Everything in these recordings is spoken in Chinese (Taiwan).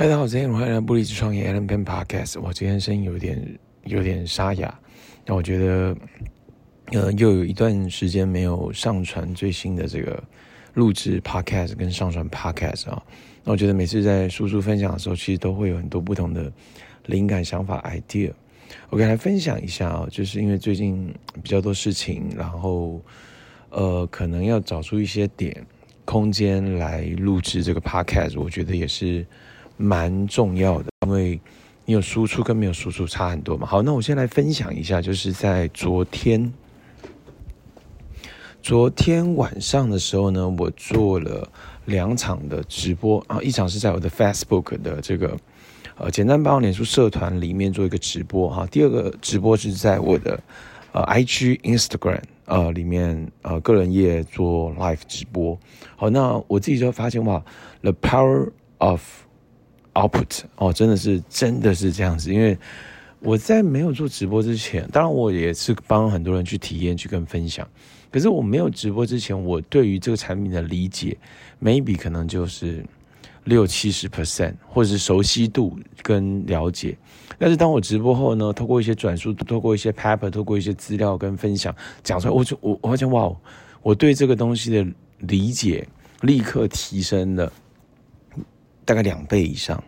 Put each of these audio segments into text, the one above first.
嗨，大家好，歡迎回來布之《不離職創業》Allen Peng Podcast。我今天聲音有點有點沙啞，那、啊、我覺得，呃，又有一段時間沒有上傳最新的這個錄製 Podcast 跟上傳 Podcast 啊。那、啊、我覺得每次在叔叔分享的時候，其實都會有很多不同的靈感想法 idea。我跟大家分享一下啊，就是因為最近比較多事情，然後呃，可能要找出一些點空間來錄製這個 Podcast，我覺得也是，蠻重要的，因為你有輸出跟沒有輸出差很多嘛。好，那我先來分享一下，就是在昨天，昨天晚上的時候呢，我做了兩場的直播，啊，一場是在我的 Facebook 的這個呃簡單百萬臉書社團裡面做一個直播哈、啊，第二個直播是在我的呃 IG Instagram 呃裡面呃個人頁做 live 直播。好，那我自己就發現哇 The power of Output 哦，真的是，真的是這樣子。因為我在沒有做直播之前，當然我也是幫很多人去體驗、去跟分享。可是我沒有直播之前，我對於這個產品的理解，maybe 可能就是六七十 percent，或者是熟悉度跟了解。但是當我直播後呢，透過一些轉述，透過一些 paper，透過一些資料跟分享講出來，我就我我發現哇，我對這個東西的理解立刻提升了。大概兩倍以上，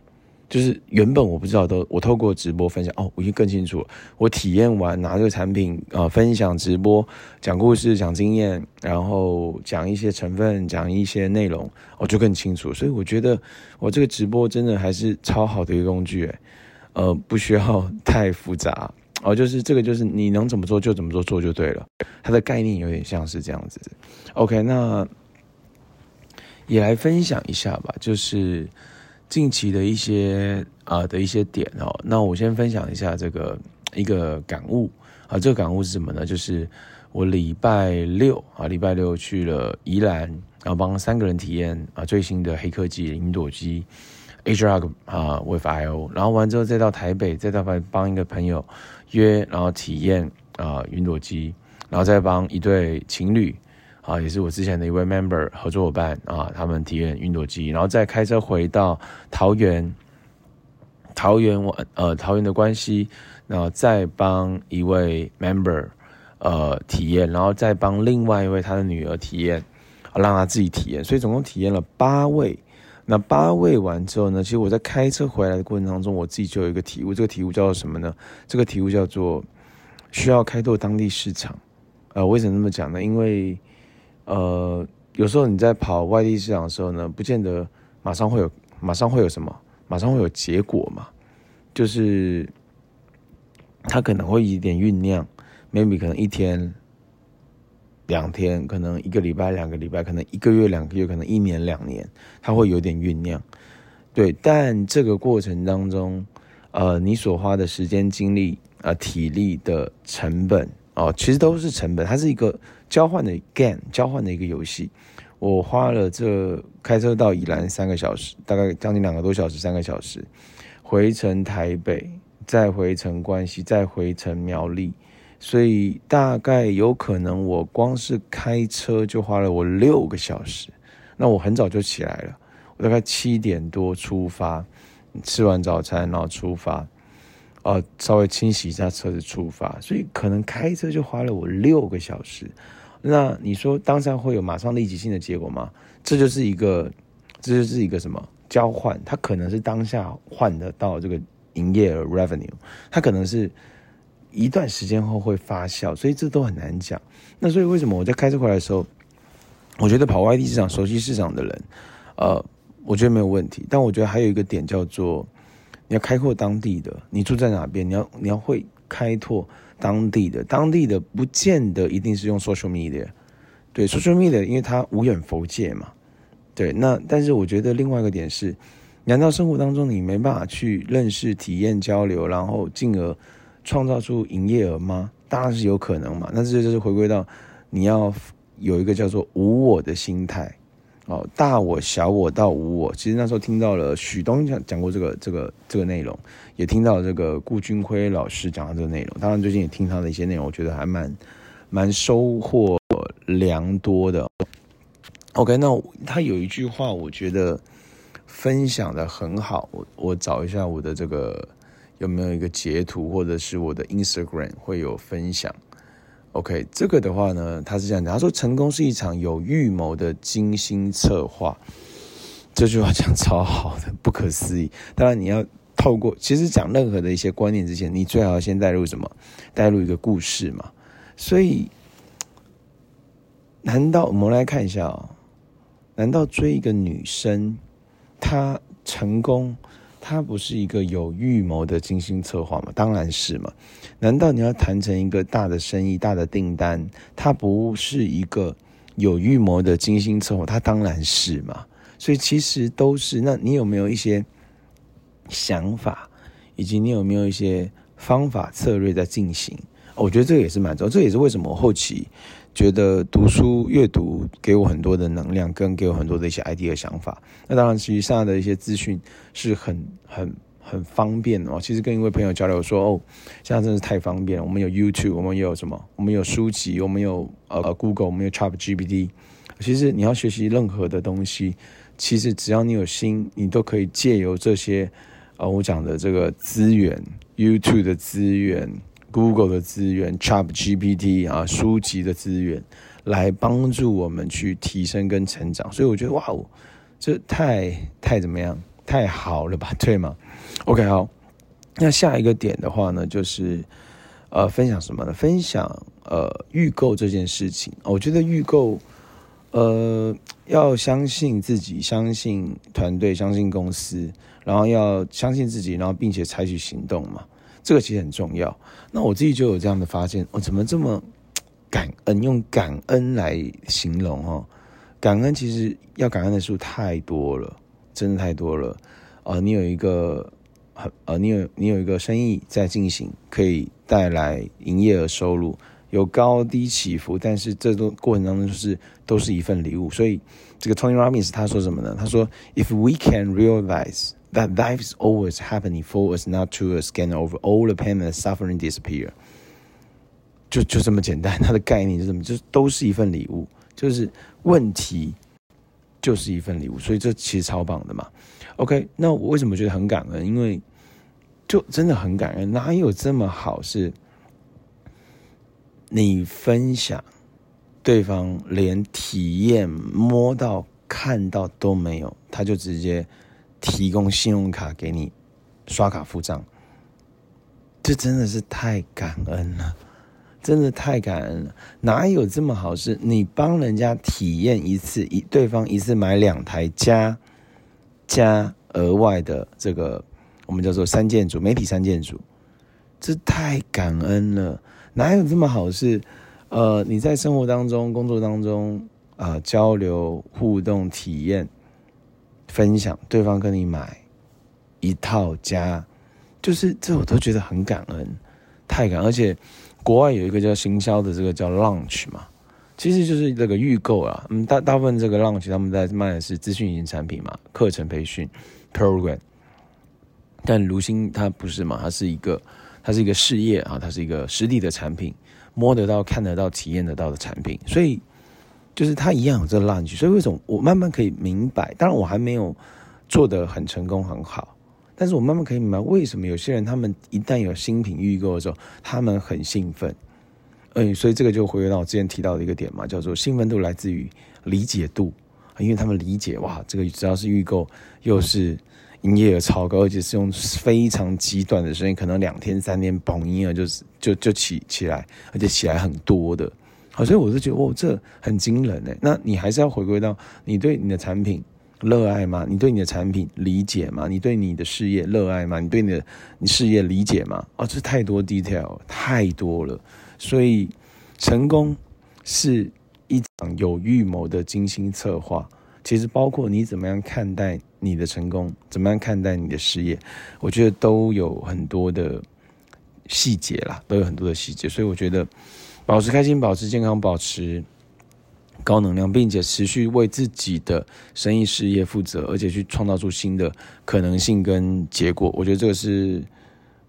就是原本我不知道都，我透過直播分享哦，我已經更清楚了，我體驗完拿這個產品啊、呃，分享直播，講故事，講經驗，然後講一些成分，講一些內容，我、哦、就更清楚。所以我覺得我這個直播真的還是超好的一個工具、欸呃，不需要太複雜哦。就是這個就是你能怎麼做就怎麼做，做就對了。它的概念有點像是這樣子。OK，那也來分享一下吧，就是。近期的一些啊、呃、的一些點哦，那我先分享一下這個一個感悟啊、呃，這個感悟是什麼呢？就是我禮拜六啊、呃，禮拜六去了宜蘭，然後幫三個人體驗啊、呃、最新的黑科技雲朵機，A-Drag 啊、呃、with IO，然後完之後再到台北，再到台北幫一個朋友約，然後體驗啊、呃、雲朵機，然後再幫一對情侶。啊，也是我之前的一位 member 合作伙伴啊，他們體驗雲朵機，然後再開車回到桃園，桃園我呃桃園的關係，然後再幫一位 member 呃體驗，然後再幫另外一位他的女兒體驗，啊，讓他自己體驗，所以總共體驗了八位。那八位完之後呢，其實我在開車回來的過程當中，我自己就有一個體悟，這個體悟叫做什麼呢？這個體悟叫做需要開拓當地市場。呃，為什麼這麼講呢？因為呃，有時候你在跑外地市場的時候呢，不見得馬上會有，馬上會有什麼，馬上會有結果嘛？就是它可能會有點醞釀，maybe 可能一天、兩天，可能一個禮拜、兩個禮拜，可能一個月、兩個月，可能一年、兩年，它會有點醞釀。對，但這個過程當中，呃，你所花的時間、精力啊，呃，體力的成本。哦，其實都是成本，它是一個交換的 game，交換的一個遊戲。我花了這開車到宜蘭三個小時，大概將近兩個多小時，三個小時，回程台北，再回程關西，再回程苗栗，所以大概有可能我光是開車就花了我六個小時。那我很早就起來了，我大概七點多出發，吃完早餐然後出發。呃，稍微清洗一下車子出發，所以可能開車就花了我六個小時。那你說當下會有馬上立即性的結果嗎？這就是一個，這就是一個什麼交換？它可能是當下換得到這個營業 revenue，它可能是一段時間後會發酵，所以這都很難講。那所以為什麼我在開車回來的時候，我覺得跑外地市場熟悉市場的人，呃，我覺得沒有問題。但我覺得還有一個點叫做。你要開拓當地的，你住在哪邊？你要你要會開拓當地的，當地的不見得一定是用 social media，對、嗯、social media，因為它無遠弗屆嘛。對，那但是我覺得另外一個點是，難道生活當中你沒辦法去認識、體驗、交流，然後進而創造出營業額嗎？當然是有可能嘛。那這就是回歸到你要有一個叫做無我的心態。哦，大我、小我到無我，其實那時候聽到了許東講講過這個這個這個內容，也聽到了這個顧軍輝老師講的這個內容。當然，最近也聽他的一些內容，我覺得還蠻蠻收穫良多的。OK，那他有一句話，我覺得分享得很好。我我找一下我的這個有沒有一個截圖，或者是我的 Instagram 會有分享。OK，這個的話呢，他是這樣講，他說成功是一場有預謀的精心策劃，這句話講超好的，不可思議。當然你要透過，其實講任何的一些觀念之前，你最好先帶入什麼，帶入一個故事嘛。所以，難道我們來看一下哦，難道追一個女生，她成功？它不是一個有預謀的精心策劃嗎？當然是嘛！難道你要談成一個大的生意、大的訂單，它不是一個有預謀的精心策劃？它當然是嘛！所以其實都是。那你有沒有一些想法，以及你有沒有一些方法策略在進行？我覺得這個也是蠻重要，這也是為什麼我後期。覺得讀書閱讀給我很多的能量，跟給我很多的一些 idea 想法。那當然，其實現在的一些資訊是很很很方便哦。其實跟一位朋友交流說，哦，現在真的是太方便了。我們有 YouTube，我們也有什麼？我們有書籍，我們有呃 Google，我們有 ChatGPT。其實你要學習任何的東西，其實只要你有心，你都可以借由這些啊、呃、我講的這個資源，YouTube 的資源。Google 的資源，ChatGPT 啊，書籍的資源，來幫助我們去提升跟成長。所以我覺得，哇哦，這太太怎麼樣？太好了吧，對嗎？OK，好。那下一個點的話呢，就是呃，分享什麼呢？分享呃，預購這件事情。呃，我覺得預購，呃，要相信自己，相信團隊，相信公司，然後要相信自己，然後並且採取行動嘛。這個其實很重要。那我自己就有這樣的發現，我、哦、怎麼這麼感恩？用感恩來形容哦，感恩其實要感恩的事太多了，真的太多了。呃，你有一個呃，你有你有一個生意在進行，可以帶來營業的收入，有高低起伏，但是這都過程當中就是都是一份禮物。所以這個 Tony Robbins 他說什麼呢？他說 If we can realize。That life is always happening for us, not to us. Can over all the pain and suffering disappear？就就這麼簡單，它的概念是什麼？就都是一份禮物，就是問題就是一份禮物，所以這其實超棒的嘛。OK，那我為什麼覺得很感恩？因為就真的很感恩，哪有這麼好？是你分享對方連體驗、摸到、看到都沒有，他就直接。提供信用卡給你刷卡付賬，這真的是太感恩了，真的太感恩了！哪有這麼好事？你幫人家體驗一次，對方一次買兩台加加額外的這個我們叫做三件組媒體三件組，這太感恩了！哪有這麼好事？呃，你在生活當中、工作當中啊，呃，交流互動體驗。分享對方跟你買一套家，就是這我都覺得很感恩，太感恩。而且國外有一個叫行銷的，這個叫 launch 嘛，其實就是這個預購啊。嗯，大大部分這個 launch 他們在賣的是資訊型產品嘛，課程培訓 program。但如新他不是嘛，他是一個，他是一個事業啊，他是一個實體的產品，摸得到、看得到、體驗得到的產品，所以。就是他一樣有這個浪，所以為什麼我慢慢可以明白？當然我還沒有做得很成功很好，但是我慢慢可以明白為什麼有些人他們一旦有新品預購的時候，他們很興奮。嗯、欸，所以這個就回到我之前提到的一個點嘛，叫做興奮度來自於理解度，因為他們理解哇，這個只要是預購，又是營業額超高，而且是用非常極短的時間，可能兩天三天，榜音業就是就就起起來，而且起來很多的。好、哦、像我是覺得哦，這很驚人。那你還是要回歸到你對你的產品熱愛嗎？你對你的產品理解嗎？你對你的事業熱愛嗎？你對你的你事業理解嗎？哦，這太多 detail 太多了。所以，成功是一場有預謀的精心策劃。其實包括你怎麼樣看待你的成功，怎麼樣看待你的事業，我覺得都有很多的細節啦，都有很多的細節。所以我覺得。保持開心，保持健康，保持高能量，並且持續為自己的生意事業負責，而且去創造出新的可能性跟結果。我覺得這個是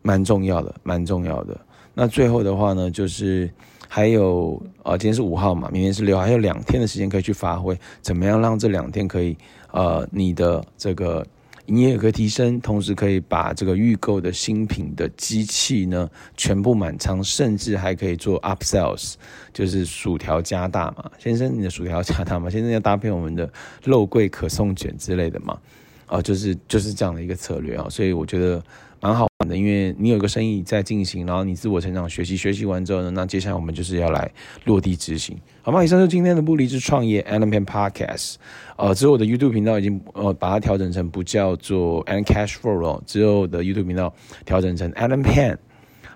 蠻重要的，蠻重要的。那最後的話呢，就是還有，呃，今天是五號嘛，明天是六號，還有兩天的時間可以去發揮。怎麼樣讓這兩天可以，呃，你的這個，營業額提升，同時可以把這個預購的新品的機器呢全部滿倉，甚至還可以做 upsells，就是薯條加大嘛。先生，你的薯條加大嘛。先生要搭配我們的肉桂可頌捲之類的嘛，哦、啊，就是就是這樣的一個策略，所以我覺得蠻好。因為你有一個生意在進行，然後你自我成長學習，學習完之後呢，那接下來我們就是要來落地執行，好嗎？以上就是今天的不離職創業 Allen Pan Podcast。呃，之後我的 YouTube 頻道已經呃把它調整成不叫做 Allen Cashflow 了，之後我的 YouTube 頻道調整成 Allen Pan，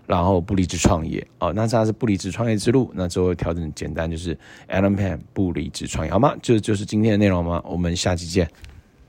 然後不離職創業啊、呃，那它是，是不離職創業之路，那之後調整簡單就是 Allen Pan 不離職創業，好嗎？這就，就是今天的內容嗎？我們下期見。